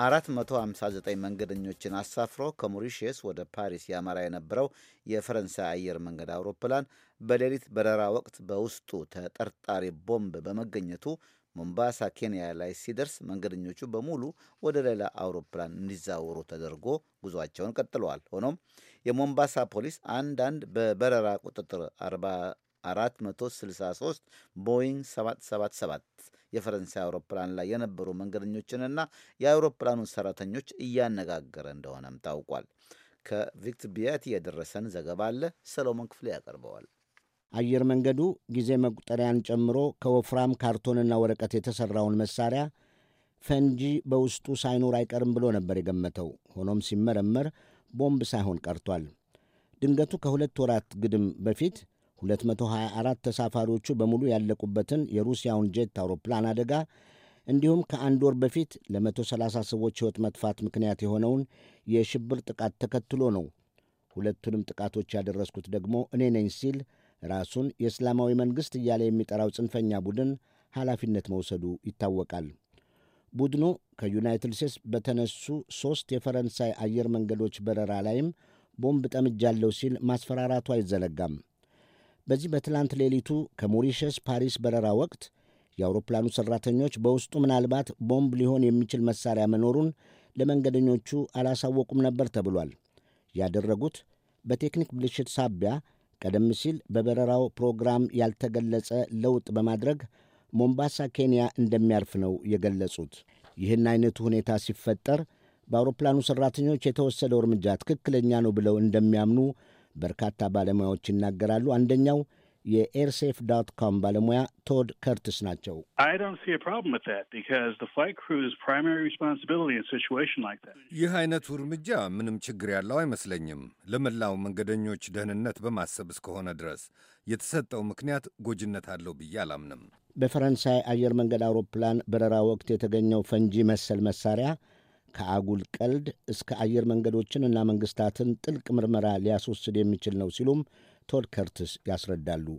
459 መንገደኞችን አሳፍሮ ከሞሪሽስ ወደ ፓሪስ ያመራ የነበረው የፈረንሳይ አየር መንገድ አውሮፕላን በሌሊት በረራ ወቅት በውስጡ ተጠርጣሪ ቦምብ በመገኘቱ ሞምባሳ ኬንያ ላይ ሲደርስ መንገደኞቹ በሙሉ ወደ ሌላ አውሮፕላን እንዲዛወሩ ተደርጎ ጉዟቸውን ቀጥለዋል። ሆኖም የሞምባሳ ፖሊስ አንዳንድ በበረራ ቁጥጥር 463 ቦይንግ 777 የፈረንሳይ አውሮፕላን ላይ የነበሩ መንገደኞችንና የአውሮፕላኑን ሰራተኞች እያነጋገረ እንደሆነም ታውቋል። ከቪክት ቢያቲ የደረሰን ዘገባ አለ። ሰሎሞን ክፍሌ ያቀርበዋል። አየር መንገዱ ጊዜ መቁጠሪያን ጨምሮ ከወፍራም ካርቶንና ወረቀት የተሠራውን መሣሪያ ፈንጂ በውስጡ ሳይኖር አይቀርም ብሎ ነበር የገመተው። ሆኖም ሲመረመር ቦምብ ሳይሆን ቀርቷል። ድንገቱ ከሁለት ወራት ግድም በፊት 224 ተሳፋሪዎቹ በሙሉ ያለቁበትን የሩሲያውን ጄት አውሮፕላን አደጋ እንዲሁም ከአንድ ወር በፊት ለ130 ሰዎች ሕይወት መጥፋት ምክንያት የሆነውን የሽብር ጥቃት ተከትሎ ነው። ሁለቱንም ጥቃቶች ያደረስኩት ደግሞ እኔ ነኝ ሲል ራሱን የእስላማዊ መንግሥት እያለ የሚጠራው ጽንፈኛ ቡድን ኃላፊነት መውሰዱ ይታወቃል። ቡድኑ ከዩናይትድ ስቴትስ በተነሱ ሦስት የፈረንሳይ አየር መንገዶች በረራ ላይም ቦምብ ጠምጃለሁ ሲል ማስፈራራቱ አይዘነጋም። በዚህ በትላንት ሌሊቱ ከሞሪሸስ ፓሪስ በረራ ወቅት የአውሮፕላኑ ሠራተኞች በውስጡ ምናልባት ቦምብ ሊሆን የሚችል መሣሪያ መኖሩን ለመንገደኞቹ አላሳወቁም ነበር ተብሏል። ያደረጉት በቴክኒክ ብልሽት ሳቢያ ቀደም ሲል በበረራው ፕሮግራም ያልተገለጸ ለውጥ በማድረግ ሞምባሳ ኬንያ እንደሚያርፍ ነው የገለጹት። ይህን አይነቱ ሁኔታ ሲፈጠር በአውሮፕላኑ ሠራተኞች የተወሰደው እርምጃ ትክክለኛ ነው ብለው እንደሚያምኑ በርካታ ባለሙያዎች ይናገራሉ። አንደኛው የኤርሴፍ ዶት ኮም ባለሙያ ቶድ ከርትስ ናቸው። ይህ አይነቱ እርምጃ ምንም ችግር ያለው አይመስለኝም፣ ለመላው መንገደኞች ደህንነት በማሰብ እስከሆነ ድረስ የተሰጠው ምክንያት ጎጂነት አለው ብዬ አላምንም። በፈረንሳይ አየር መንገድ አውሮፕላን በረራ ወቅት የተገኘው ፈንጂ መሰል መሳሪያ ከአጉል ቀልድ እስከ አየር መንገዶችንና መንግሥታትን ጥልቅ ምርመራ ሊያስወስድ የሚችል ነው ሲሉም ቶድ ከርትስ ያስረዳሉ።